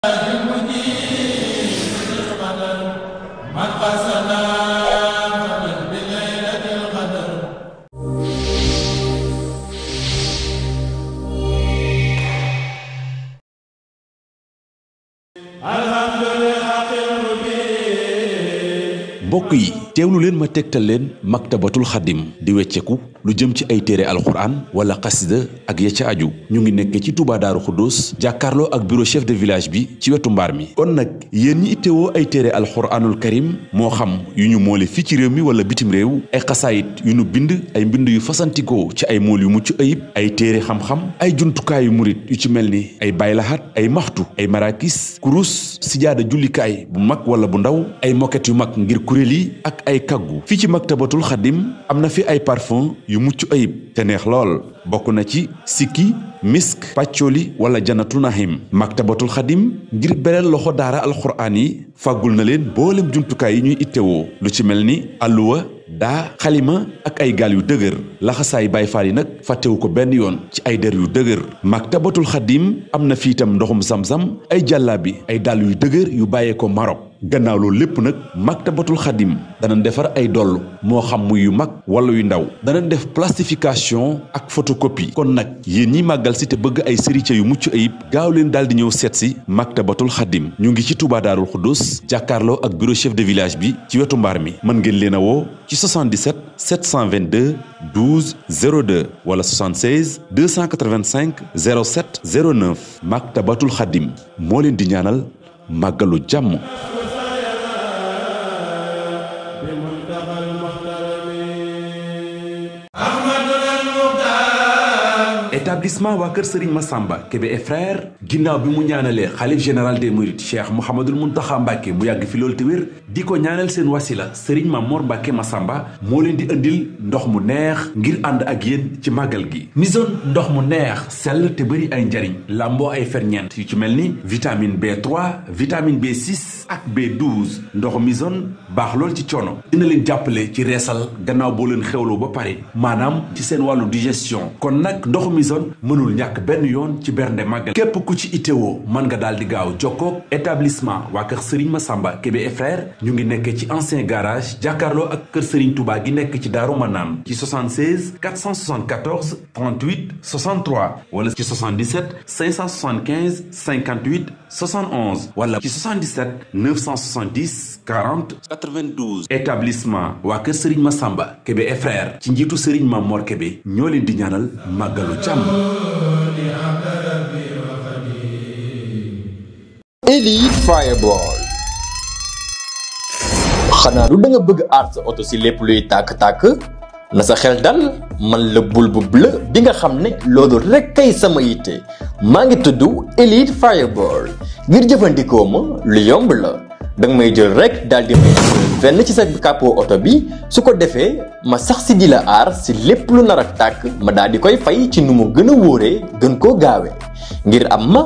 mbokk yi teewlu leen ma tegtal leen maktabatul xaddim di wecceku lu jëm ci ay téere alxuraan wala xasida ak ya ca ñu ngi nekk ci Touba Daaru jàkkaarloo ak bureau chef de village bi ci wetu mbaar mi kon nag yéen ñi ittewoo ay téere alxuraanul karim moo xam yu ñu moole fii ci réew mi wala bitim réew ay xasaayit yu ñu bind ay mbind yu fasantikoo ci ay mool yu mucc ayib ay téere xam-xam ay yu murit yu ci mel ni ay baylaxat ay maxtu ay marakis kurus sijaada jullikaay bu mag wala bu ndaw ay moket yu mag ngir kuréel yi ak ay kaggu fii ci maktabatul xadim am na fi ay parfum yu mucc ayib te neex lool bokk na ci sikki misk pàccoli wala janatu nahim maktabatul xadim ngir beneen loxo daara alxuraan yi fàggul na leen boolem jumtukaay yi ñuy ittewoo lu ci mel ni àlluwa daa xalima ak ay gaal yu dëgër laxasaay baay faal yi nag fàttewu ko benn yoon ci ay der yu dëgër mag maktabatul xadim am na fi itam ndoxum sam sam ay jàllaabi ay dàll yu dëgër yu bàyyee ko Marok gannaaw loolu lépp nag maktabatul xadim danañ defar ay doll moo xam muy yu mag wala yu ndaw danañ def plastification ak photocopie kon nag yéen ñi màggal si te bëgg ay sërice yu mucc ayib gaaw leen daal di ñëw seet si maktabatul xadim ñu ngi ci Touba Daarul Xuddus jàkkaarloo ak bureau chef de village bi ci wetu mbaar mi mën ngeen leen a woo ci 77 722 12 02 wala 76 285 07 09 maktabatul xadim moo leen di ñaanal màggalu jàmm établissement waa kër Serigne Massamba Kébé et frère ginnaaw bi mu ñaanalee xalif général des Mourides Cheikh Mouhamadul Mountakha Mbacke mu yàgg fi loolu te wér di ko ñaanal seen wasila Serigne Mamor Mbacke Massamba moo leen di indil ndox mu neex ngir ànd ak yéen ci màggal gi. Nizone ndox mu neex sel te bëri ay njariñ làmboo ay ferñeent yu ci mel ni vitamine B3 vitamine B6 ak B12 ndox Mizone baax lool ci coono dina leen jàppale ci reesal gannaaw boo leen xewloo ba pare maanaam ci seen wàllu digestion yoon mënul ñàkk benn yoon ci bernde màggal képp ku ci itewoo man nga daal di gaaw jokkoog établissement waa kër Serigne ma Kébé et frère ñu ngi nekk ci ancien garage jàkkaarloo ak kër Serigne Touba gi nekk ci Daaru Manaan ci 76 474 38 63 wala ci 77 575 58 71 wala ci 77 970 40 92 établissement waa kër Serigne ma Kébé et frère ci njiitu Serigne Mamor Kébé ñoo leen di ñaanal màggalu jàmm am Elite Fireball xanaa du da nga bëgg aar sa oto ci lépp luy tàkk-tàkk na sa xel dal man la bul bu bleu bi nga xam ne loolu rek kay sama yitte maa ngi tudd Elite Fireball ngir jëfandikoo ma lu yomb la danga may jël rek daal di may fenn ci sa capot oto bi su ko defee ma sax si di la aar si lépp lu nar ak tàkk ma daal di koy fay ci nu mu gën a wóoree gën koo gaawee ngir am ma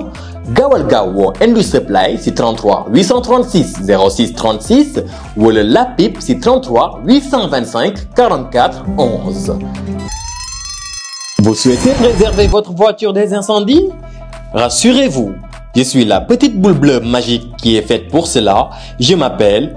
gaawal gaaw woo Indus Supply si 33 836 06 36 wala lapip si 33 825 44 11. Vous souhaitez préserver votre voiture des incendies? Rassurez-vous, je suis la petite boule bleue magique qui est faite pour cela. Je m'appelle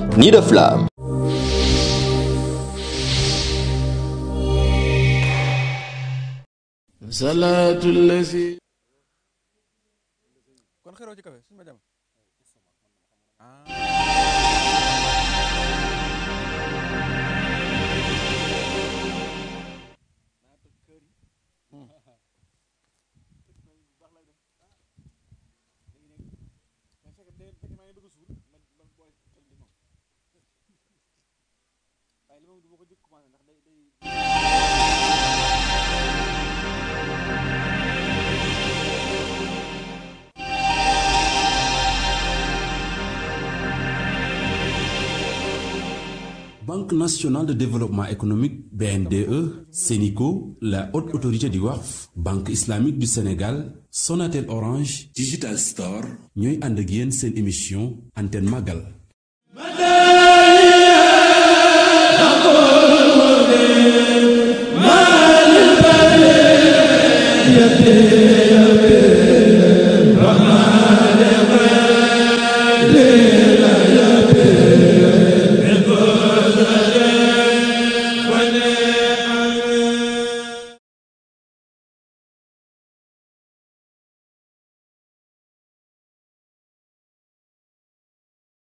ni de flamme. salaatul lazi kon xeroo ci kafe suñu ma jàmm ah. banque nationale de développement économique BNDE Senico la haute autorité du Waqf banque islamique du Sénégal Sonatel Orange Digital Store ñooy ànd ak yéen seen émission antenne màggal.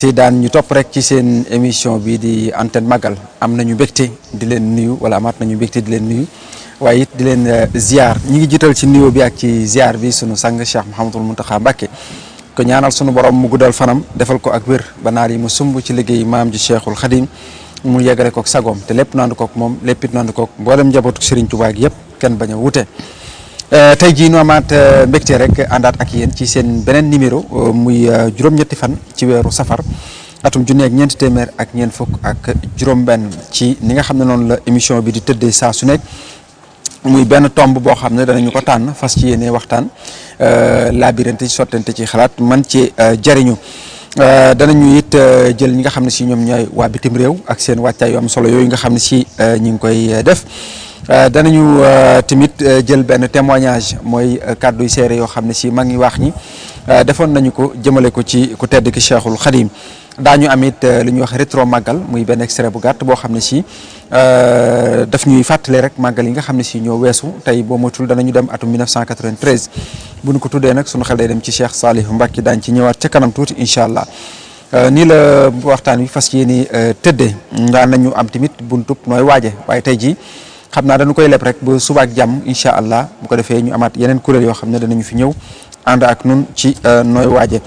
te daan ñu topp rek ci seen émission bi di antenne magal am nañu mbégte di leen nuyu wala amaat nañu mbégte di leen nuyu waaye it di leen euh, ziar ñi ngi jiital ci nuyo bi ak ci ziar bi sunu sang Cheikh Mouhamadul Mountakha Mbacké ko ñaanal sunu borom mu guddal fanam defal ko ak wér ba naar yi mu sumb ci liggéey maam ji Cheikhul Khadim mu yegale kook sagoom te lépp naan kook moom lépp naan nandu kook mboolem njabootu Serigne Touba gi yëpp kenn baña wute Euh, tey jii nu amaat euh, mbégte rek àndaat ak yéen ci seen beneen numéro euh, muy juróom-ñetti fan ci weeru safar atum junne ak ñeenti téeméer ak ñeent fukk ak juróom-benn ci ni nga xam ne noonu la émission bi di tëdde saa su nekk muy benn tomb boo xam ne danañu ko tànn fas ci yéene waxtaan laabirante ci sottante ci xalaat man ci jariñu danañu it jël ñi nga xam ne si ñoom ñooy waa bitim réew ak seen wàccaay yu solo yooyu nga xam ne si ñu ngi koy def. Euh, danañu euh, tamit euh, jël benn témoignage mooy kàddu yu seere yoo xam ne si mag ñi waax ñi defoon nañu ko jëmale ko ci ku tedd ki Cheikhul daa ñu amit lu ñuy wax rétro màggal muy benn extrait bu gàtt boo xam ne si daf ñuy fàttale rek màggal yi nga xam ne si ñoo weesu tey boo matul danañu dem atum 1993 bu ñu ko tuddee nag sunu xel day dem ci Cheikh Salih Mbacke daañu ci ñëwaat ca kanam tuuti incha allah. nii la waxtaan wi fas yéene tëddee daan nañu am tamit buntub nooy waaje waaye tey jii. xam naa dañu koy leb rek ba subaak ak jàmm incha allah bu ko defee ñu amaat yeneen kuréel yoo xam ne danañu fi ñëw ànd ak nun ci euh, nooy waaje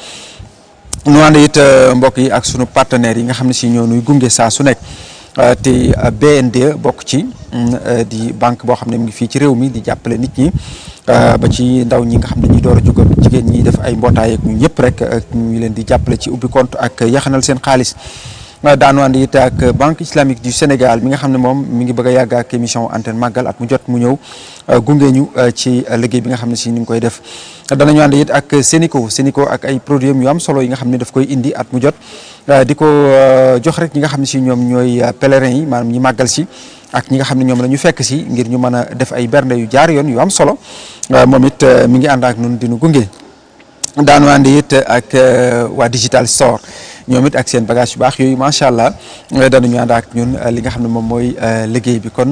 nu ànd it euh, mbokk yi ak sunu partenaires yi nga xam ne si ñoo nuy gunge saa su nekk euh, te BND bokk ci mm, di banque boo xam ne mu ngi fii ci réew mi di jàppale nit ñi ba ci ndaw ñi nga xam ne ñi door a jóg jigéen ñi def ay mbootaay ak ñu ñëpp rek ñu leen di jàppale ci ubbi compte ak yaxanal seen xaalis daanu ànd it ak banque islamique du Sénégal mi nga xam ne moom mi ngi bëgg a yàgg ak émission antenne màggal at mu jot mu ñëw euh, gunge ñu euh, ci liggéey bi nga xam ne si ni ngi koy def. danañu ànd it ak Sénico Sénico ak ay produits yu am solo yi nga xam ne daf koy indi at mu jot euh, di ko jox rek ñi nga xam ne si ñoom ñooy pèlerins yi maanaam ñi màggal si. ak ñi nga xam ne ñoom la ñu fekk si ngir ñu mën a def ay bernde yu jaar yoon yu am solo moom it mi ngi ànd ak ñun di nu gunge daanu ànd it ak waa digital store. ñoom it ak seen bagage yu baax yooyu macha allah eh, danañu ànd ak ñun eh, li nga xam ne moom mooy eh, liggéey bi kon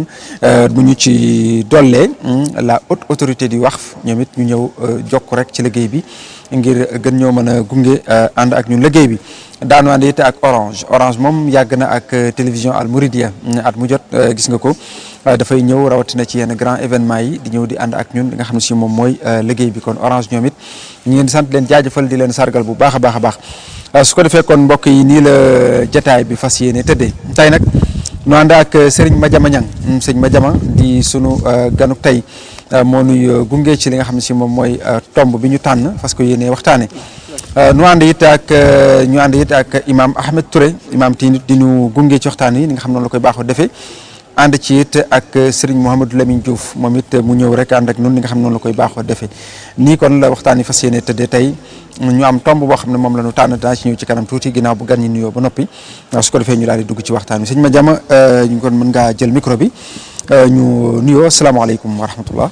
bu ñu ci dollee hmm, la haute autorité di wax ñoom it ñu ñëw jokk rek ci liggéey bi ngir gën ñoo mën a gunge ànd ak ñun liggéey bi daan ànd it ak orange orange moom yàgg na ak télévision Al Mouridiyyah at mu jot gis nga ko dafay ñëw rawatina ci yenn grand événement yi di ñëw di ànd ak ñun li nga xam ne si moom mooy liggéey bi kon orange ñoom ñu ngi leen di sant leen jaajëfal di leen sargal bu baax a baax a baax ah, su ko defee kon mbokk yi nii la jataay bi fas yéene tëddee tey nag nu ànd ak sëriñ Madiama Niang mm, sëriñ Madiama di sunu ah, ganuk tey ah, moo nuy gunge ci li nga xam ne si moom mooy tomb bi ñu tànn fas ko yéene waxtaane nu ànd it ak ñu ànd it ak imam Ahmed ture imam ti di ñu gunge ci waxtaan yi ni nga xam noonu la koy baax o defee ànd ci it ak Serigne Mouhamadou Lamine Diouf moom it mu ñëw rek ànd ak noonu li nga xam noonu la koy baaxoo defee nii kon la waxtaan yi fas yéene de tey ñu am tomb boo xam ne moom la ñu tànn daa ci ñëw ci kanam tuuti ginnaaw bu gan ñi nuyoo ba noppi su ko defee ñu daal dugg ci waxtaan wi sëñ ma jama euh, ñu kon mën ngaa jël micro bi euh, ñu nuyoo salaamaaleykum wa rahmatullah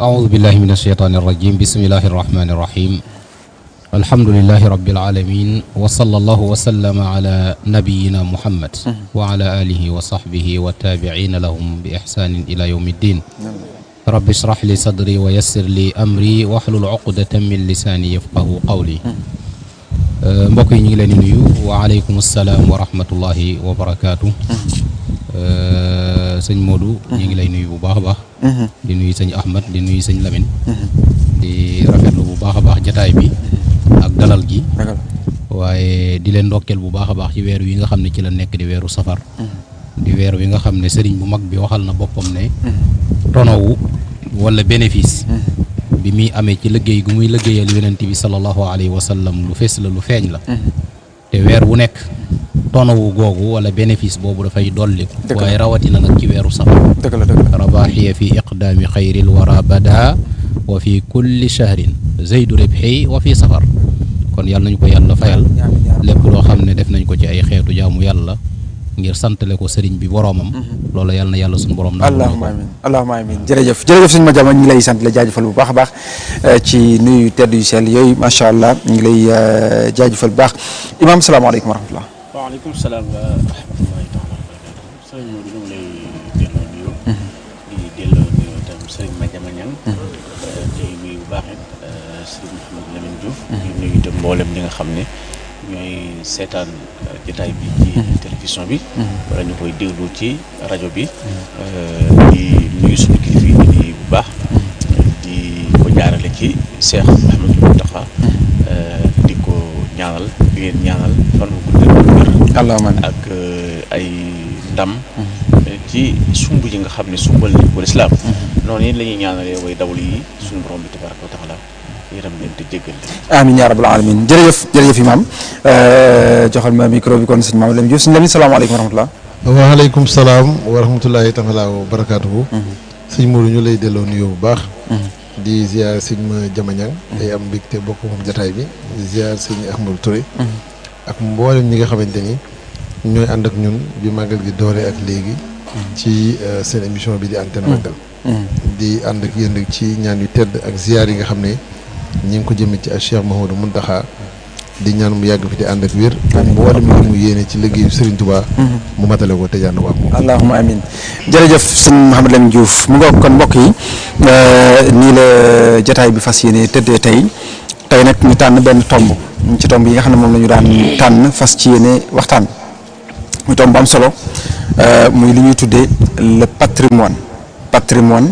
aoudu billahi min asheytaani arrajim bismillahi arrahmani arrahim alhamdulilahi rabbil alamin wa sallallahu wa sallama ala nabiyina muhammad mhm. wa ala alihi wa sahbihi wa tabiina lahum bi ihsanin ila yawmi ddin rabbi shrah li sadri wa yassir li amri wahlul uqdatan min lisaani yafqahu qawli mhm. euh, mbokk yi ñu ngi leen di nuyu wa aleykum assalaam wa rahmatullahi wa barakaatu mhm. euh, sëñ Modou ñu ngi lay nuyu bu baax a baax di nuyu sëñ Ahmad di nuyu sëñ Lamine di rafetlu bu baax a baax jataay bi ak dalal gi waaye di leen ndokkeel bu baax a baax ci weer wi nga xam ne ci la nekk di weeru safar mm-hmm. di weer wi nga xam ne sëriñ bu mag bi waxal na boppam ne mm-hmm. tonowu wala bénéfice mm-hmm. bi muy amee ci liggéey gu muy liggéeyal weneen bi sallallahu alayhi wa sallam lu fees la lu feeñ la te weer wu nekk tonowu googu wala bénéfice boobu dafay dolliku waaye rawatina nag ci weeru safar rabaaxiya fi iqdaami xayril wara wa fi kulli shahrin zeydu ribxi wa fi safar kon yàlla nañu ko yàlla fayal lépp loo xam ne def nañ ko ci ay xeetu jaamu yàlla ngir santale ko sëriñ bi boroomam mhm. loolu yàlla na yàlla suñu borom na allahumma amin allahumma amin jërëjëf ma jama ñu ngi lay sant la jaajëfal bu baax a baax eh, ci nuyu tedd yu sell yooyu macha allah ngi lay eh, jaajëfal bu baax imaam salaamaaleykum wa rahmatullah waaleykum salaam Diouf ñu nuyu itam mboolem nga xam ne ñooy seetaan euh, jotaay bi ci mhm. télévision bi mhm. wala ñu koy déglu ci rajo bi mhm. euh, di nuyu suñu kilifa bu baax di ko jaarale ci Cheikh Mouhamadou Mountakha euh, di ko ñaanal di ngeen ñaanal fan bu gudd ak ay ndam ci sumb yi nga xam ne sumbal nañ ko lislaam noonu la ñuy ñaanalee yi suñu borom bi tabaraka wa yërëm leen te jéggal leen amiin yaa rabbal alamin jërëjëf jërëjëf euh, joxal ma micro bi kon sëñ Mamadou Lamine Diouf sëñ Lamine salaamaaleykum wa rahmatulah waaleykum salaam wa rahmatulahi taala wa barakaatuhu mhm. sëñ Mourou ñu lay delloo nuyoo bu baax mhm. di ziar sëñ ma jamañang day mhm. am mbégte bokk moom jataay bi ziar sëñ Ahmadou Touré ak mboolem ñi nga xamante ni ñooy ànd ak ñun bi màggal gi dooree ak léegi ci euh, seen émission bi di antenne màggal di ànd ak yéen ci ñaan yu tedd ak ziar yi nga xam ne ñi ngi ko jëmee ci Cheikh Mouhamadou Mountakha di ñaan mu yàgg fi di ànd ak wér mboolem li mu yéene ci liggéeyu Serigne Touba mhm. mu matale ko te jànd waak moom allahuma amin jërëjëf sëñ Mouhamed Lamine Diouf mu nga kon mbokk yi euh, nii la jataay bi fas yéene tëddee tey tey nag ñu tànn benn tomb ci tomb yi nga xam ne moom la ñu daan tànn fas ci yéene waxtaan muy tomb am solo euh, muy li ñuy tuddee le patrimoine patrimoine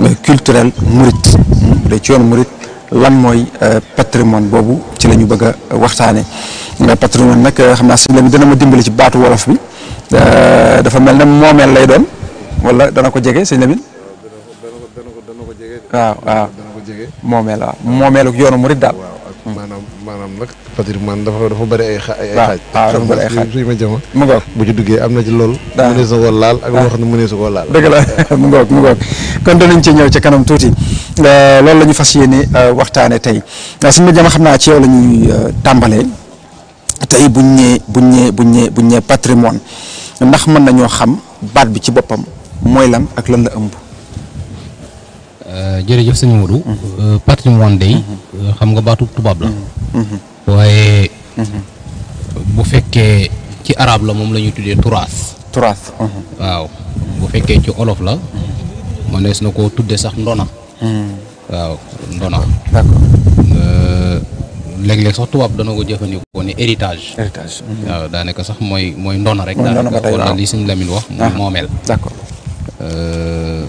euh, culturel mouride hmm, ci yoon mouride lan mooy euh, patrimoine boobu ci la ñu bëgg a waxtaane patrimoine nag euh, xam naa sëñ bi dana ma dimbali ci baatu wolof bi euh, dafa mel na moomeel lay doon wala dana ko jege sëñ Lamine waaw waaw moomeel waaw moomeeluk yoonu murid daal maanaam maanaam patrimoine dafa dafa bëri ay xa ay xaaj. waaw dafa bëri ay xaaj suy ma jëma. mu ngoog bu ci duggee am na ci lool. waaw mënees na koo laal ak loo xam ne mënees koo laal. dëgg la mu ngoog mu ngoog kon danañ ci ñëw ci kanam tuuti euh, loolu la ñu fas yéene euh, waxtaanee tey euh, suñu ma jëma xam naa ci yow la ñuy tàmbalee tey buñ buñ ñee buñ ñee buñ ñee patrimoine ndax mën nañoo xam baat bi ci boppam mooy lan ak lan la ëmb. jërëjëf sëñ Modou. Mhm. patrimoine day mhm. xam nga baatu tubaab la. Mhm. waaye mhm. bu fekkee ci arab la moom la ñuy tuddee turaas turaas mhm. waaw bu fekkee ci olof la mënees na koo tuddee sax ndona mhm. waaw ndona d'accord euh, léeg-léeg sax tubaab dana ko jëfandikoo ne héritage héritage waaw daanaka sax mooy mooy ndona rek daanaka wala li suñ Lamine wax mooy ah, moomeel euh,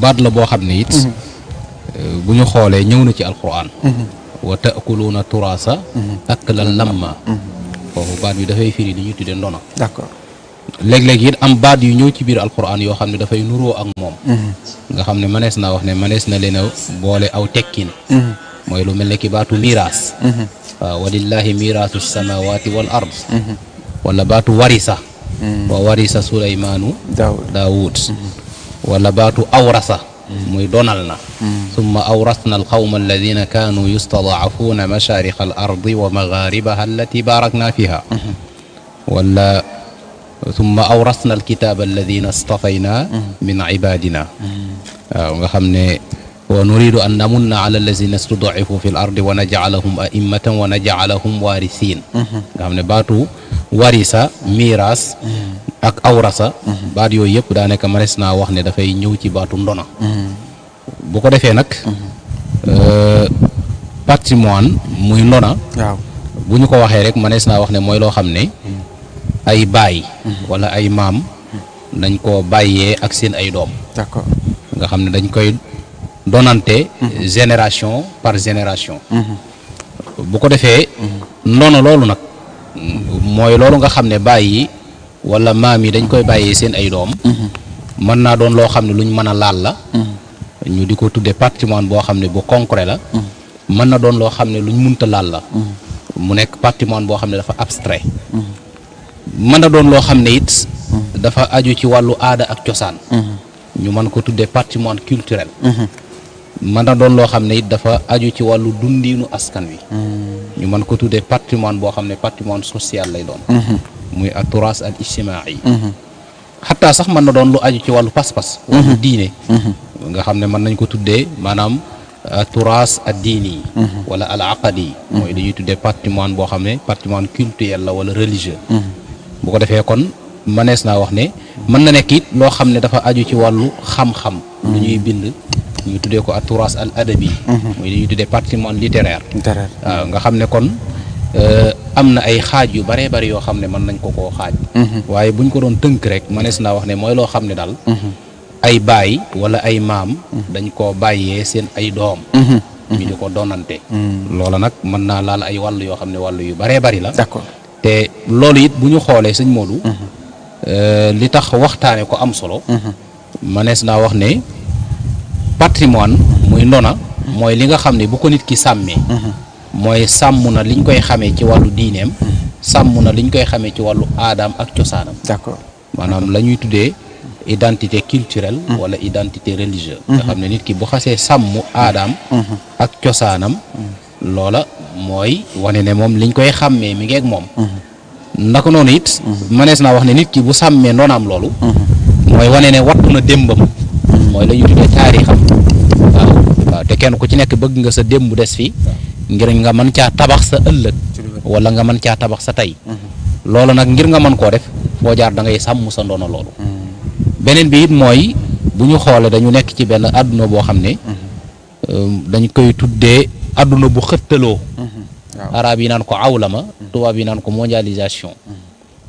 baat la boo xam ne it euh, buñu xoolee ñëw na ci alquran wa taakuluuna turaasa mhm. aklan lamma mhm. foofu baat bi dafay firi li ñu tuddee ndono d'accord léeg-léeg it am baat yu ñëw ci biir alquran yoo xam ne dafay nuroo ak moom mhm. nga xam ne manees naa wax ne manees na leen a boole aw tekkin mooy lu mel ne ki baatu miraas waaw walillahi miraasu samawati wal ard wala baatu warisa wa warisa suleymaanu daawud wala baatu awrasa muy donal na mm. summa awrasna alqawma alladina kaanu yustadaafuuna mashaariqa al ardi wa magaaribaha allati baarakna fiha mm-hmm. wala summa awrasna alkitaaba alladina istafayna mm-hmm. min ibadina mm-hmm. waaw nga xam ne wa nuridu an namunna ala allazina studaifu fi l ardi wa najalahum aimmatan wa najalahum warithin nga xam ne baatu warisa miiras mhm. ak awrasa mhm. baat yooyu yëpp daa nekk manes naa wax ne dafay ñëw ci baatu ndona mhm. bu ko defee nag euh, patrimoine muy ndona bu ñu ko waxee rek manes naa wax ne mooy loo xam ne ay baay wala ay maam dañ ko bàyyee ak seen ay doom d'accord nga xam ne dañ koy donante génération par génération bu ko defee ndono loolu nag mooy loolu nga xam ne bàyyi wala maam yi dañ koy bàyyee seen ay doom mën naa doon loo xam ne lu ñu mën a laal la di ko tuddee patrimoine boo xam ne bu concret la mën na doon loo xam ne lu ñu laal la mu nekk patrimoine boo xam ne dafa abstrait mën na doon loo xam ne it dafa aju ci wàllu aada ak cosaan ñu mën ko tuddee patrimoine culturel mën a doon loo xam ne it dafa aju ci wàllu dundiinu askan wi. Mm. ñu mën ko tuddee patrimoine boo xam ne patrimoine social lay doon. Mm-hmm. muy ak turaas al ijtimaai. Mm-hmm. xataa sax mën na doon lu aju ci wàllu pas-pas. Mm-hmm. wàllu diine. nga xam ne mën nañ ko tuddee maanaam turaas ad diini. wala al aqadi. mooy li ñuy tuddee patrimoine boo xam ne patrimoine culturel la wala religieux. bu ko defee kon mënees naa wax ne mën na nekk it loo xam ne dafa aju ci wàllu xam-xam. lu ñu tuddee ko atouras al adabi mhm. muy li ñuy tuddee littéraire waaw nga xam ne kon euh, am na ay xaaj yu baree bari yoo xam ne mën nañ ko koo xaaj mhm. waaye ko doon tënk rek mënees naa wax ne mooy loo xam ne daal mhm. ay baay wala ay maam dañ ko bàyyee seen ay doom ñu di ko doonante loola nag mën naa laal ay wàll yoo xam ne wàll yu baree bari la d'accord te lool it bu ñu xoolee sëñ Modou euh, li tax waxtaane ko am solo mënees naa wax ne patrimoine muy ndona mooy li nga xam ne bu ko nit ki sàmmee mhm. mooy sàmm na liñ koy xamee ci wàllu diineem mhm. sàmm na liñ koy xamee ci wàllu aadaam ak cosaanam d'accord maanaam la ñuy tuddee identité culturelle mhm. wala identité religieuse xam ne nit ki bu xasee sàmm aadaam ak cosaanam loola mooy wane ne moom liñ koy xàmmee mi ngeeg moom naka noonu it manees naa wax ne nit ki bu sàmmee ndonaam loolu mooy wane ne wattu na démbam mooy la ñu tuddee taarixam waaw te kenn ku ci nekk bëgg nga sa démb des fi ngir nga mën caa tabax sa ëllëg wala nga mën caa tabax sa tey mm-hmm. loolu nag ngir nga mën koo def foo jaar da ngay sàmm sa ndono loolu mm-hmm. beneen bi it mooy bu ñu xoolee dañu nekk ci benn àdduna boo xam ne mm-hmm. um, dañ koy tuddee àdduna bu xëttaloo arab yi naan ko awla ma tubaab yi naan ko mondialisation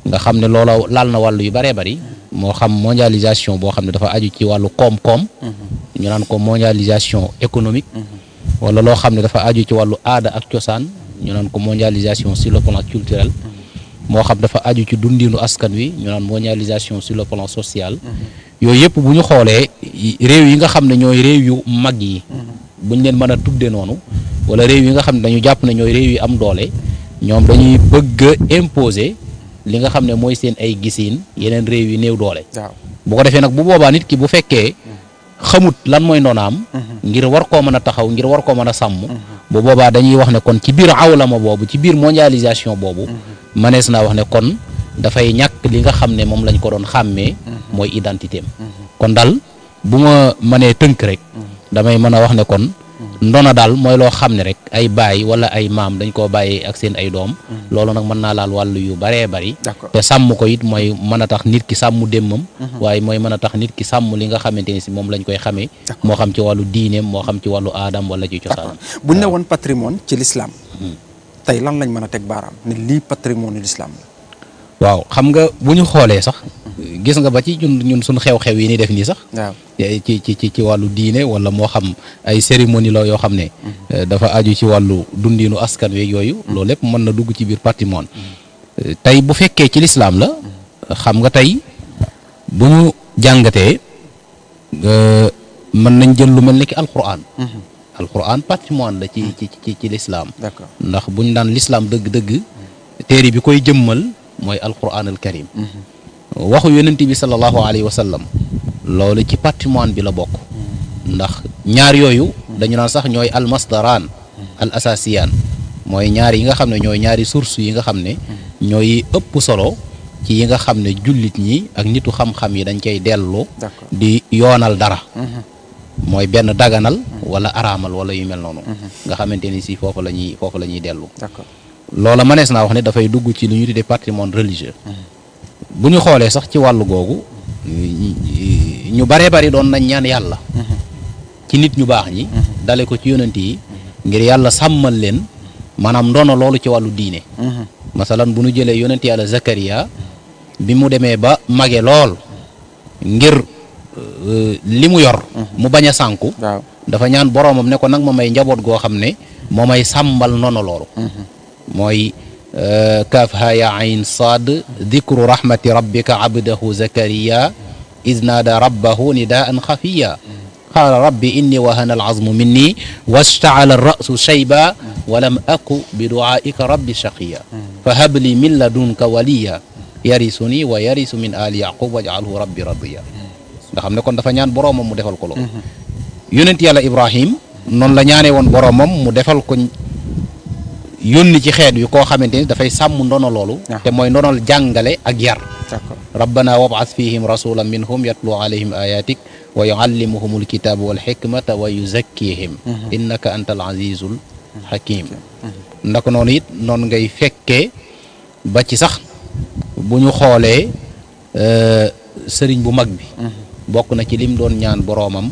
nga xam ne loola laal na wàllu yu baree bari moo xam mondialisation boo xam ne dafa aju ci wàllu koom-koom mhm. ñu naan ko mondialisation économique mhm. wala loo xam ne dafa aju ci wàllu aada ak cosaan ñu naan ko mondialisation sur le plan culturel mhm. moo xam dafa aju ci dundinu askan wi ñu naan mondialisation sur le plan social yooyu yëpp bu ñu xoolee réew yi nga xam ne ñooy réew yu mag yi buñ leen mën a tudde noonu wala réew yi nga xam ne dañu jàpp ne ñooy réew yi am doole ñoom dañuy bëgg a imposer li nga xam ne mooy seen ay gisiin yeneen réew yi néew doole. bu ko defee nag bu boobaa nit ki bu fekkee. xamut lan mooy am mhm. ngir war koo mën a taxaw ngir war koo mën a sàmm. Mhm. bu boobaa dañuy wax ne kon ci biir ma boobu ci biir mondialisation boobu. Mhm. mënees naa wax ne kon dafay ñàkk li nga xam ne moom lañ ko doon xàmmee. mooy identité am kon daal bu ma mënee tënk rek. damay mën a wax ne kon. ndono daal mooy loo xam ne rek ay baay wala ay maam dañ koo bàyyee ak seen ay doom mm-hmm. loolu nag mën naa laal wàll yu baree bari te sàmm ko it mooy mën a tax nit ki sàmm démmam mm-hmm. waaye mooy mën a tax nit ki sàmm li nga xamante ne si moom lañ koy xamee moo xam ci wàllu diineem moo xam ci wàllu aadam wala ci cosaan buñ ne woon patrimoine ci lislaam mm. tey lan lañ mën a teg baaraam ne lii patrimoine l'islam la waaw xam nga bu ñu xoolee sax gis nga ba ci ñun ñun suñu xew-xew yi ni def nii sax. waaw ci ci ci wàllu diine wala moo xam ay cérémonie la yoo xam ne. Mm-hmm. Eh, dafa aju ci wàllu dundinu askan wi yooyu. Mm-hmm. loolu lépp mën na dugg ci biir patrimoine. Mm-hmm. Eh, tey bu fekkee ci lislaam la. xam nga tey bu ñu eh, mën nañ jël lu mel ni ki alquran. alquran patrimoine la lislaam. daan lislaam dëgg-dëgg. téere bi koy jëmmal mooy alquran al karim. waxu yonent bi sallallahu alayhi wa sallam loolu ci patrimoine bi la bokk ndax ñaar yooyu dañu naan sax ñooy almasdaraan al asasiyaan mooy ñaar yi nga xam ne ñooy ñaari source yi nga xam ne ñooy ëpp solo ci yi nga xam ne jullit ñi ak nitu xam-xam yi dañ cay dellu di yoonal dara mhm. mooy benn daganal mhm. wala araamal wala yu mel noonu mhm. nga xamante ni si foofu la ñuy foofu la ñuy dellu loola mënees naa wax ne dafay dugg ci lu ñu tuddee patrimoine religieux bu ñu xoolee sax ci wàllu googu ñu baree bari doon nañ ñaan yàlla ci nit ñu baax ñi dale ko ci yonent yi ngir yàlla sàmmal leen maanaam ndono loolu ci wàllu diine masalan bu nu jëlee yonent yàlla Zakariya bi mu demee ba mage lool ngir euh, li mu yor mu bañ a sànku dafa ñaan boroomam ne ko nag ma may njaboot goo xam ne moo may sàmbal ndono loolu mooy kaafha ya ayn saad dikru rahmati rabbika abdahu zakariya iz naada rabbahu nidaan xafiya qaala rabbi inni wahana alazmu minni wastaala alrasu shayba walam aku bi duaika rabbi shaqiya fahab li min ladunka waliya yarisuni wa yarisu min ali yaqub waj'alhu rabbi radiya nga xam ne kon dafa ñaan boroomam mu defal ko loolu mm-hmm. yonent yàlla ibrahim noonu la ñaanee woon boroomam mu defal ko yónni ci xeet wi koo xamante ni dafay sàmm ndono loolu ah. te mooy ndonol jàngale ak yar rabbana wab'ath fihim rasulan minhum yatlu alayhim ayatik wa yuallimuhum alkitaba wal hikmata wa yuzakkihim mhm. innaka anta al azizul hakim mhm. ndako noon it noonu ngay fekkee ba ci sax bu ñu xoolee euh, sëriñ bu mag bi mhm. bokk na ci lim doon ñaan boroomam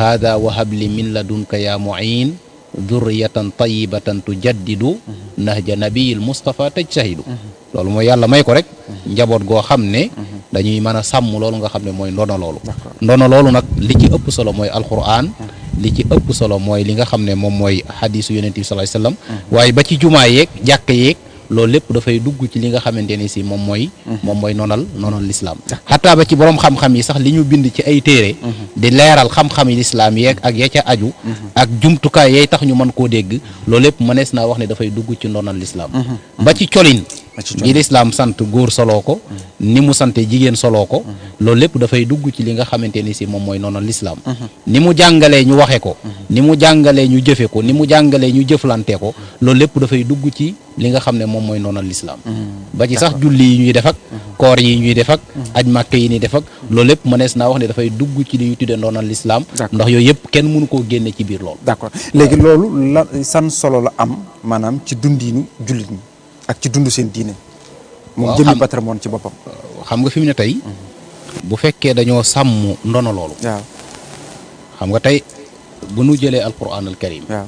hada wa habli min ladunka ya mu'in durriyatan tayyibatan tujaddidu mhm. nahja nabiyil Mustafa tajtahidu mhm. loolu mooy yàlla may ko rek mhm. njaboot goo xam ne dañuy mën a sàmm loolu nga xam ne mooy ndono loolu ndono loolu nag li ci ëpp solo mooy alquran li ci ëpp solo mooy li nga xam ne moom mooy xadiisu yonent bi sallallahu alayhi waaye ba ci jumaa yeeg jàkk yeeg loolu lépp dafay dugg ci li nga xamante ne si moom mooy mhm. moom mooy nonal nonal lislaam xataa ba ci borom xam-xam yi sax li ñu bind ci ay téere mhm. di leeral xam-xam yi lislaam yeeg ak ya ca aju mhm. ak jumtukaay yay tax ñu mën koo dégg loolu lépp mënees naa wax ne dafay dugg ci nonal lislaam ba ci colin gi lislaam sant góor soloo ko mm. ni mu sante jigéen soloo ko mm-hmm. loolu lépp dafay dugg ci li nga xamante ni si moom mooy noonu lislaam mm-hmm. ni mu jàngalee ñu waxe ko mm-hmm. ni mu jàngalee ñu jëfe ko ni mu jàngalee ñu jëflante ko loolu lépp dafay dugg ci li nga xam ne moom mooy noonu lislaam ba ci sax julli yi ñuy def ak koor yi ñuy defak ak aj màkk yi ñuy def loolu lépp mënees naa wax ne dafay dugg ci li ñu tuddee noonu lislaam ndax yooyu yëpp kenn mënu koo génne ci biir loolu d'accord léegi loolu la san solo la am maanaam ci dundiinu jullit ñi ak ci dund seen diine. moom jëmmi patrimoine ci boppam. xam nga fi mu ne tey. Mhm. bu fekkee dañoo sàmm ndono loolu. waaw xam nga tey bu nu jëlee alquran al karim. waaw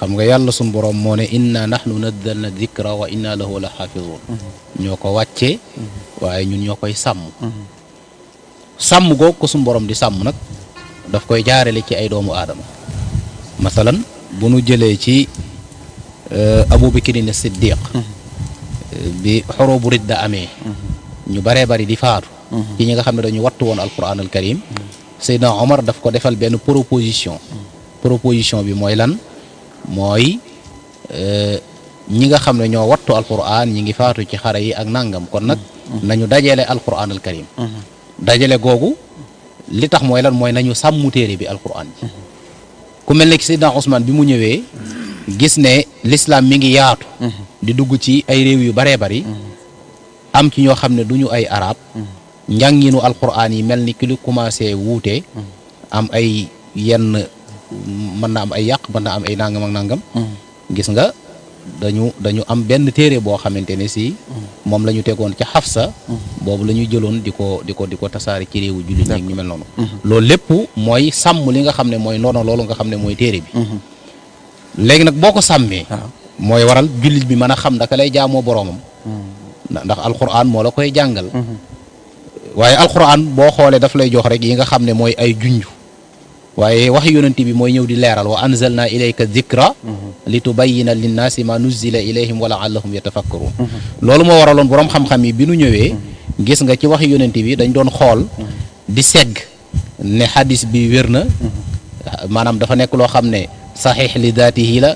xam nga yàlla sunu borom moo ne inna nahnu nazzalna dikra wa inna lahu la xaafizun mhm. ñoo ko wàccee. Mhm. waaye ñun ñoo koy sàmm. sàmm googu ko sunu di sàmm nag daf koy jaarale ci ay doomu aadama. masalan bu nu jëlee ci. Euh, aboubacrine siddiq mhm. euh, bi xoroobu ridda amee mhm. ñu baree bari di faatu mhm. ci ñi nga xam ne dañu wattu woon al alquran al karim Seydina Omar daf ko defal benn proposition proposition bi mooy lan mooy euh, ñi nga xam ne ñoo wattu alquran ñi ngi faatu ci xare yi ak nangam kon nag nañu dajale alquran al karim dajale googu li tax mooy lan mooy nañu sàmm téere bi alquran ji ku mel ne ki Seydina Ousmane bi mu ñëwee gis ne l'islam mi ngi yaatu. Mhm. di dugg ci ay réew yu baree bari. Mhm. am ci ñoo xam ne du ñu ay arab mhm. njànginu alquran yi mel ni ki lu commencé wuute. am ay yenn mën na am ay yàq mën na am ay nangam ak nangam. gis nga dañu dañu am benn téere boo xamante ne si. moom lañu ñu tegoon ca sa boobu la ñu jëloon di ko di ko di ko tasaare ci réewu jullit ñi ñu mel noonu. loolu lépp mooy sàmm li nga xam ne mooy noonu loolu nga xam ne mooy téere bi. léegi nag boo ko sàmmee. mooy waral jullit bi mën a xam naka lay jaamoo boroomam. Hmm. ndax alquran moo la koy jàngal. Hmm. waaye alquran boo xoolee daf lay jox rek yi nga xam ne mooy ay junj. waaye wax yonent bi mooy ñëw di leeral wa anzalna ilayka dikra hmm. li tubayina linnaasi ma nuzila ilayhim wa laallahum yatafakkarun loolu moo waraloon boroom xam-xam yi bi nu ñëwee gis nga ci wax yonent bi dañ doon xool di segg ne xadis bi wér na maanaam dafa nekk loo xam ne saxiix li daatihi la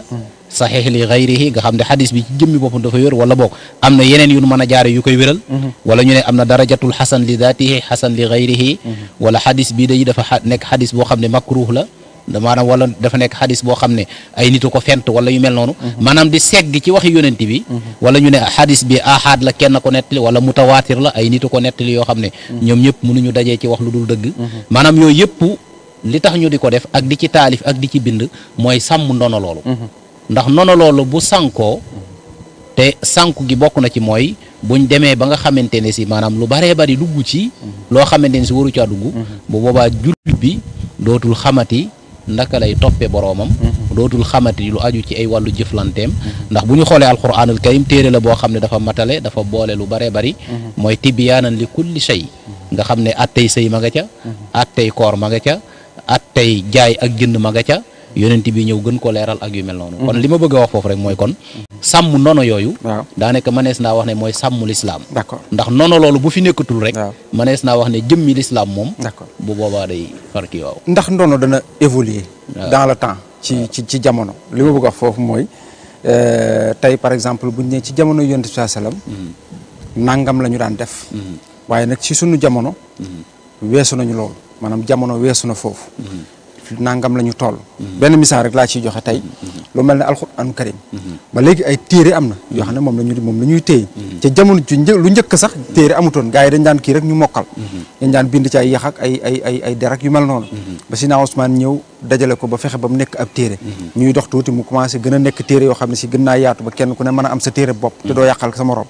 saxiix li xayrihi nga xam ne xadis bi ci jëmmi boppam dafa wér wala boog am na yeneen yu nu mën a jaare yu koy wéral wala ñu ne am na darajatul xasan li daatihi xasan li xayrihi wala xadis bii day dafa nekk xadis boo xam ne makruh la maanaam di segg ci waxi yonent bi wala ñu ne xadis bi ahaad la kenn ko nettali wala mutawaatir la ay nitu ko nettali yoo xam ne ñoom ñëpp mënuñu dajee ci wax lu dul dëgg maanaam yooyu yëpp li tax ñu di ko def ak di ci taalif ak di ci bind mooy sàmm ndono loolu ndax ndono loolu bu sànkoo te sànku gi bokk na ci mooy buñ demee ba nga xamante ne si maanaam lu baree bari dugg ci loo xamante ne si waru ca dugg bu boobaa jullit bi dootul xamati ndaka lay toppe boroomam dootul xamati lu aju ci ay wàllu jëflanteem ndax bu ñu xoolee alquranul karim téere la boo xam ne dafa matale dafa boole lu bare bari mooy tibyaanan li kulli shay nga xam ne attey sëy ma nga ca attey ma ca at tey jaay ak jënd ma nga ca yonent bi ñëw gën ko leeral ak yu mel noonu kon mhm. li ma bëgg a wax foofu rek mooy kon sàmm nono yooyu daanaka manees naa wax ne mooy sàmm lislaam ndax nono loolu bu fi nekkatul rek manees naa wax ne jëmmi lislaam moom bu boobaa day far kii waaw ndax ndono dana évoluer dans le temps ci ci ci jamono li ma bëgg a wax foofu mooy euh, tey par exemple buñ ne ci jamono yonent bi sallam mhm. nangam la ñu daan def mhm. waaye nag ci sunu jamono weesu nañu loolu maanaam jamono weesu na foofu mm-hmm. nangam la ñu toll mm-hmm. benn misaal rek laa ciy joxe tey mm-hmm. lu mel ne alxuraanu karim ma léegi ay téere am na yoo xam ne moom la ñu moom la ñuy téye ca jamono ci lu njëkk sax téere amutoon gars yi dañ daan kii rek ñu mokkal dañ daan bind ci ay yax ak ay ay ay ay der ak yu mel noonu ba si naa Ousmane ñëw dajale ko ba fexe ba mu nekk ab téere ñuy dox tuuti mu commencé gën a nekk téere yoo xam ne si gën naa yaatu ba kenn ku ne mën a am sa téere bopp te doo yàqal sa morom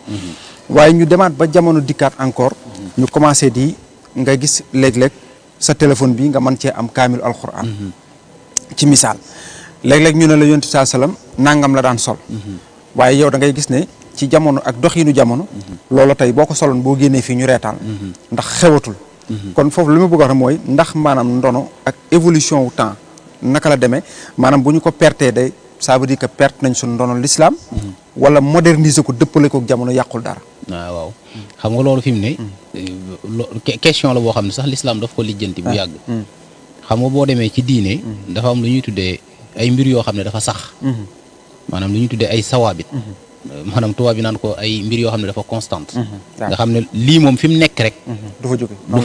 waaye ñu demaat ba jamono dikkaat encore ñu commencé di nga gis léeg-léeg sa téléphone bi nga mën cee am kaamil alquran mhm. ci misaal léeg-léeg ñu ne la yonti saa salaam nangam la daan sol mhm. waaye yow da ngay gis ne ci jamono ak doxiinu jamono mhm. loola tey boo ko soloon boo génnee fii ñu reetaan ndax xewatul kon foofu li ma bëgg a wax mooy ndax maanaam ndono ak évolution wu temps naka la demee maanaam bu ñu ko perte day ça veut dire que perte nañ suñu ndono l'islam wala moderniser ko dëppale ko jamono yàqul dara. waaw ah, waaw xam nga loolu fi mu ne. question la boo xam ne sax l'islam daf ko lijjanti bu ah, yàgg. Hmm. xam nga boo demee ci diine. Hmm. dafa am lu ñuy tuddee ay mbir yoo xam ne dafa sax. Hmm. maanaam lu ñuy tuddee ay sawaabit. Euh, maanaam tubaab bi naan ko ay mbir yoo xam ne dafa constante. nga xam ne lii moom fi mu nekk rek. du fa jógee du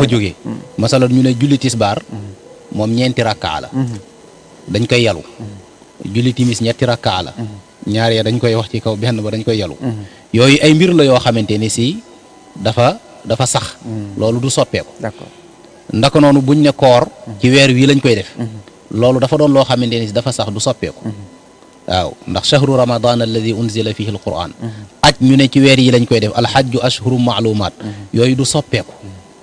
fa ñu ne julli tisbaar. moom ñeenti rakkaa la. dañ koy julli timis ñetti rakkaa la mhm. ñaar ya dañ koy wax ci kaw benn ba dañ koy yalu mhm. yooyu ay mbir la yoo xamante ni si dafa dafa sax mhm. loolu du soppeeku d'accord ndaka noonu buñ ne koor ci weer wii lañ koy def loolu dafa doon loo xamante ni si dafa sax du soppeeku waaw ndax chahru ramadan alladi unzila fihi alquran aj ñu ne ci weer yi lañ koy def alhajju ashhuru maalumaat yooyu du soppeeku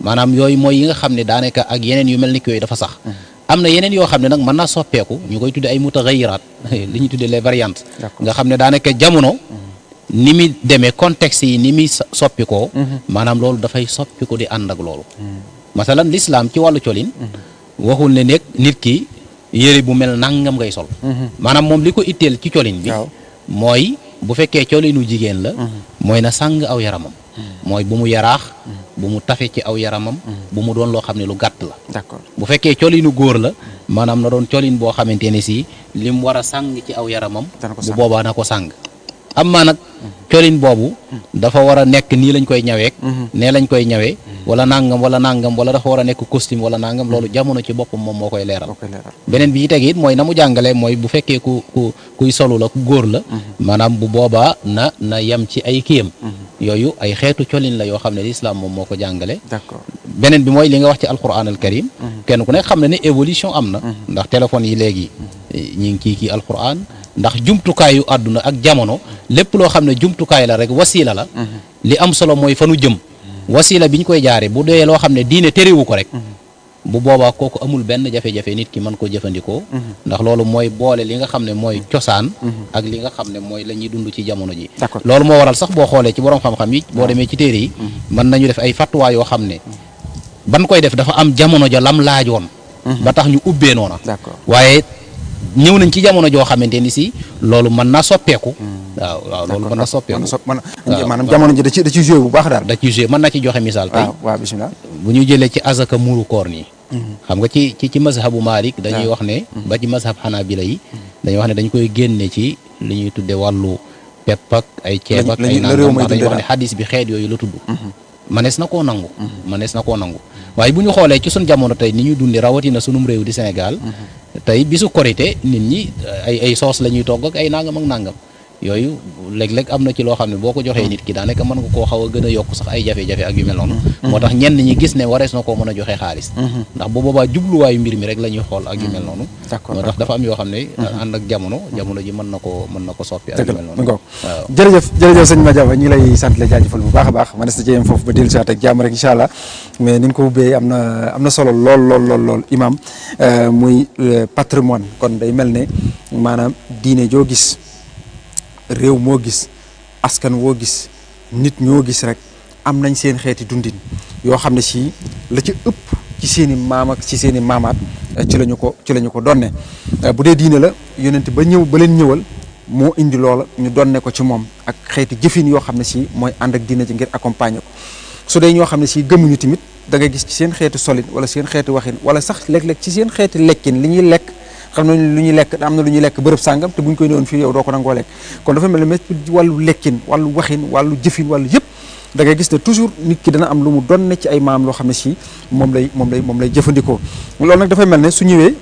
maanaam yooyu mooy yi nga xam ne daanaka ak yeneen yu mel ni ki yooyu am na yeneen yoo xam ne nag mën naa soppeeku ñu koy tudde ay mutaxayiraat li ñuy tudde les variantes nga xam ne daanaka jamono ni muy demee contexte yi ni muy soppikoo mhm. maanaam loolu dafay soppiku di ànd ak loolu mhm. masalan lislaam ci wàllu colin mhm. waxul ne nekk nit ki yére bu mel nangam ngay sol maanaam moom li ko itteel ci colin bi mooy bu fekkee colinu jigéen la mooy na sàng aw yaramam mooy bu mu yaraax bu mu tafee ci aw yaramam bu mu doon loo xam ne lu gàtt la d'accord bu fekkee colinu góor la maanaam na doon colin boo xamante ne si lim war a sàng ci aw yaramam bu boobaa na ko sàng am maa nag colin boobu dafa war a nekk nii lañ koy ñaweek nee lañ koy ñawee wala nangam wala nangam wala dafa war a nekk costume wala nangam loolu jamono ci boppam moom moo koy leeral beneen bi ci teg mooy na mu jàngalee mooy bu fekkee ku ku kuy solu la ku góor la maanaam bu boobaa na na yem ci ay kiyam yooyu ay xeetu colin la yoo xam ne lislaam moom moo ko jàngale d'accord beneen bi mooy li nga wax ci alquran al karim mhm. kenn ku nekk xam ne ne évolution am na mhm. ndax téléphone yi léegi mhm. eh, ñi ngi kii kii alquran ndax jumtukaayu àdduna ak jamono lépp loo xam ne jumtukaay la rek wasila la li am solo mooy fa nu jëm bi ñu koy jaare bu dee loo xam ne diine téréwu ko rek bu boobaa kooku amul benn jafe-jafe nit ki mën koo jëfandikoo mhm. ndax loolu mooy boole li nga xam ne mooy mhm. cosaan mhm. ak li nga xam ne mooy la ñuy dund ci jamono ji loolu moo waral sax boo xoolee ci borom xam-xam yi boo demee ci téere yi mën nañu def ay fatwa yoo xam ne ban koy def dafa am jamono ja lam laajoon ba tax ñu ubbee noona waaye ñëw nañ ci jamono joo xamante ni si loolu mën naa soppeeku. waaw waaw loolu mën na soppeeku. mën na maanaam jamono ji da ciy da bu baax daal. da ciy joué mën naa ci joxe misaal. tey waaw bisimilah. bu ñu jëlee ci azaka muuru koor nii. xam nga ci ci ci mazhabu Malik dañuy wax ne mm-hmm. ba ci mazhab Hanabila yi dañuy wax ne dañ koy génne ci lu ñuy tudde wàllu pepp ak ay ceeb ak ay nangam dañuy wax ne xadis bi xeet yooyu la tudd mm-hmm. manees na koo nangu mm-hmm. manees na koo nangu waaye bu ñu xoolee ci suñ jamono tey ni ñu dundi rawatina sunum réew di senegal tey bisu korité nit ñi ay ay soos la ñuy togg ak ay nangam ak nangam yooyu léeg-léeg am na ci loo xam ne boo ko joxee nit ki daanaka mën nga koo xaw a gën a yokk sax ay jafe-jafe ak yu mel noonu mm-hmm. moo tax ñenn ñi gis ne warees na koo mën a joxe xaalis mm-hmm. ndax bu boobaa jubluwaayu mbir mi rek la xool ak yu mel mm-hmm. noonu moo tax dafa am na ko mën na ko soppi ak yu mel noonu waaw jërëjëf jërëjëf sëñ bu baax a baax ma des na ci yem foofu ba dellu si waat ak jàmm rek incha allah mais ni nga ko ubbee am na solo lool lool lool euh, muy euh, patrimoine kon day mel ne maanaam diine joo gis réew moo gis askan woo gis nit ñoo gis rek am nañ seen xeeti dundin yoo xam ne si la ci ëpp ci seen maam ak ci seen i maamaat eh, ci lañu ko ci la ñu ko donne eh, bu dee diine la yonent ba ñëw ba leen ñëwal moo indi loola ñu donne ko ci moom ak xeeti jëfin yoo xam ne si mooy ànd ak diine ji ngir accompagner ko su dee ñoo xam ne si gëmuñu tamit da gis ci seen xeeti solin wala seen xeeti waxin wala sax léeg-léeg ci seen xeeti lekkin li ñuy lekk xam nañ lu ñuy lekk am na lu ñuy lekk bërëb sàngam te buñ koy néewoon fii yow doo ko nangoo lekk kon dafa mel ne mais wàllu lekkin wàllu waxin wàllu jëfin wàllu yëpp da gis ne toujours nit ki dana am lu mu donne ci ay maam loo xam ne si moom lay moom lay moom lay jëfandikoo loolu nag dafay mel ne su ñëwee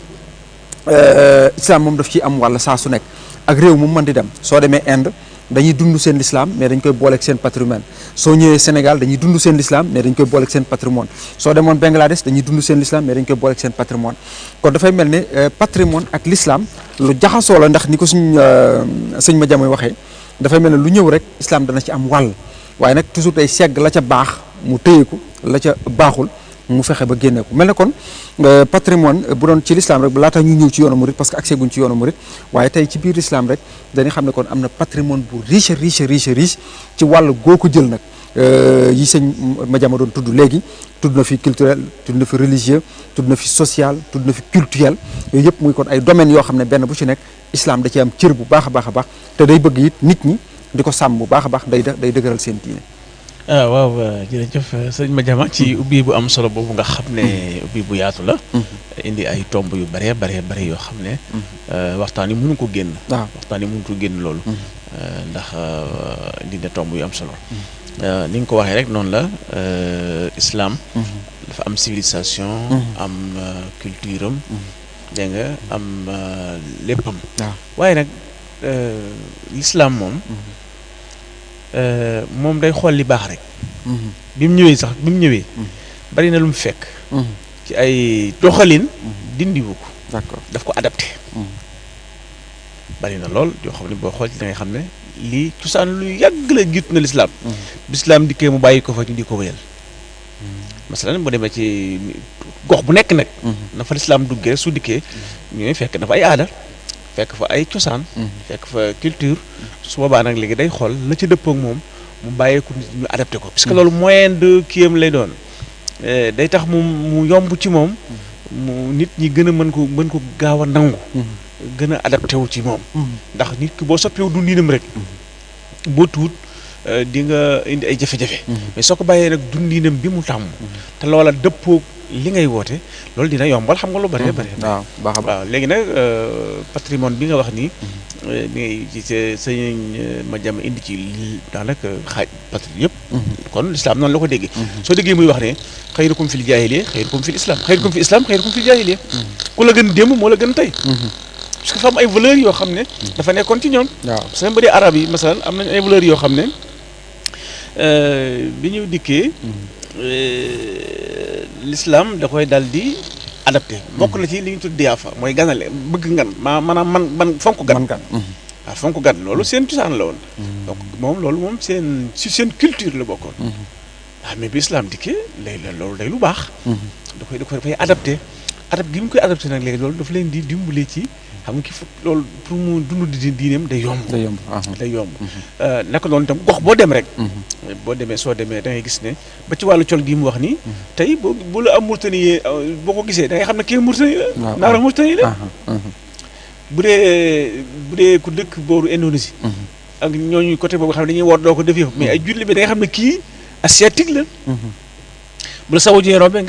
euh, islam moom daf ci am wàll saa su nekk ak réew mu mën di dem soo demee Inde dañuy dund seen lislaam mais dañ koy booleeg seen patrimoine soo ñëwee Sénégal dañuy dund seen lislaam mais dañ koy booleeg seen patrimoine soo demoon Bangladesh dañuy dund seen lislaam mais dañ koy booleeg seen patrimoine kon dafay mel ne euh, patrimoine ak lislaam lu jaxasoo la ndax ni ko suñ euh, sëñ ma jamoy waxee dafay mel ne lu ñëw rek islaam dana ci am wàll waaye nag toujours day segg la ca baax mu téye ko la ca baaxul mu fexe ba génne ko mel ne kon euh, patrimoine euh, bu doon ci l'islam rek laata ñu ñëw ci yoonu murit parce que accès guñ ci yoonu murit waaye tey ci biir l'islam rek dañuy xam ne kon am na patrimoine bu riche riche riche riche ci wàllu goo ko jël nag euh, yi sëñ ma doon tudd léegi tudd na fi culturel tudd na fi religieux tudd na fi social tudd na fi culturel yooyu yëpp muy kon ay domaines yoo xam ne benn bu ci nekk islam da ci am cër bu baax a baax a baax te day bëgg it nit ñi di ko sàmm bu baax a baax day day dëgëral seen diine ah waaw jërëjëf euh, sëñ Madiama ci mm-hmm. ubbi bu am solo boobu nga xam ne mm-hmm. ubbi bu yaatu la. Mm-hmm. indi ay tomb yu bare bare bare yoo xam ne. Euh, waxtaan yi mënu ko génn. Ah. waxtaan yi mënu ko génn loolu. Euh, ndax indi na tomb yu am solo. ni nga ko waxee rek noonu la islam. dafa am civilisation. am culture am. nga am léppam. Ah. waaye nag l'islam moom. Euh, moom day xool li baax rek. Mhm. bi mu ñëwee sax bi mu ñëwee. Mhm. bari na lu mu fekk. Mhm. ci ay doxalin. dindiwu ko. d'accord daf ko adapté. bari na lool yoo xam ne boo xool ci da xam ne lii cosaan lu yàgg la jiitu na lislaam lislaam dikkee mu bàyyi ko fa ñu di ko wéyal masalan bu demee ci gox bu nekk nag na fa lislaam duggee su dikkee ñooy fekk na ay aada fekk fa ay cosaan. Mm-hmm. fekk fa culture. su boobaa nag léegi day xool la ci dëppook moom mu bàyyeeku nit ñu adapté ko. parce que mm-hmm. loolu moyen de kii am lay doon eh, day tax mu mu yomb ci moom. Mm-hmm. mu nit ñi gën a mën ko mën ko gaaw a nangu. gën a adapté wu ci moom. ndax nit ki boo soppeewu dundinam rek. boo tuut eh, di nga indi ay jafe-jafe. mais soo ko bàyyee nag dundinam bi mu tàmm. te loola dëppook li ngay woote loolu dina yombal xam nga lu bari mm-hmm. bari waaw waaw léegi nag euh, patrimoine bi nga wax nii ni sëñ ma jam indi ci daanaka xaaj patrie yëpp mm-hmm. kon l'islam noonu la ko déggee mm-hmm. soo déggee muy wax ne xayrukum fil jaahiliya xayrukum fil islam xayrukum fil islam xayrukum fil jaahiliya ku la gën démb moo la gën tey parce que fa am ay valeurs yoo xam ne dafa nekkoon ci ñoom waaw parce que même arab yi masalan am nañ ay valeurs yoo xam ne euh, bi ñu dikkee Euh, l'islam da koy dal di adapté bokk na ci li ñu tudd diyaafa mooy ganale bëgg ngan maa maanaam man man fonk gan waaw mm-hmm. ah, fonk gan loolu seen cosaan la woon mm-hmm. donc moom loolu moom seen si seen culture la bokkoon waaw mm-hmm. ah, mais bi islaam dikkee lay la loolu day lu baax da koy da koy dafay adapté adapté gi mu koy adapté nag léegi loolu daf leen di dimbale ci xam nga ki loolu pour mu dund di diineem day yomb. day yomb ah. day yomb. Mhm. Euh, naka gox boo dem rek. Mhm. Euh, boo demee soo demee da ngay gis ne ba ci wàllu col gi mu wax nii. Mhm. tey boo bu la am Mauritanie euh, boo ko gisee da xam ne kii Mauritanie la. waaw naara Mauritanie la. bu dee bu dee ku dëkk booru Indonésie. ak ñooñu côté boobu xam ne dañuy woor doo ko def yëpp mais ay julli bi da xam ne kii asiatique la. bu la sawu jee robe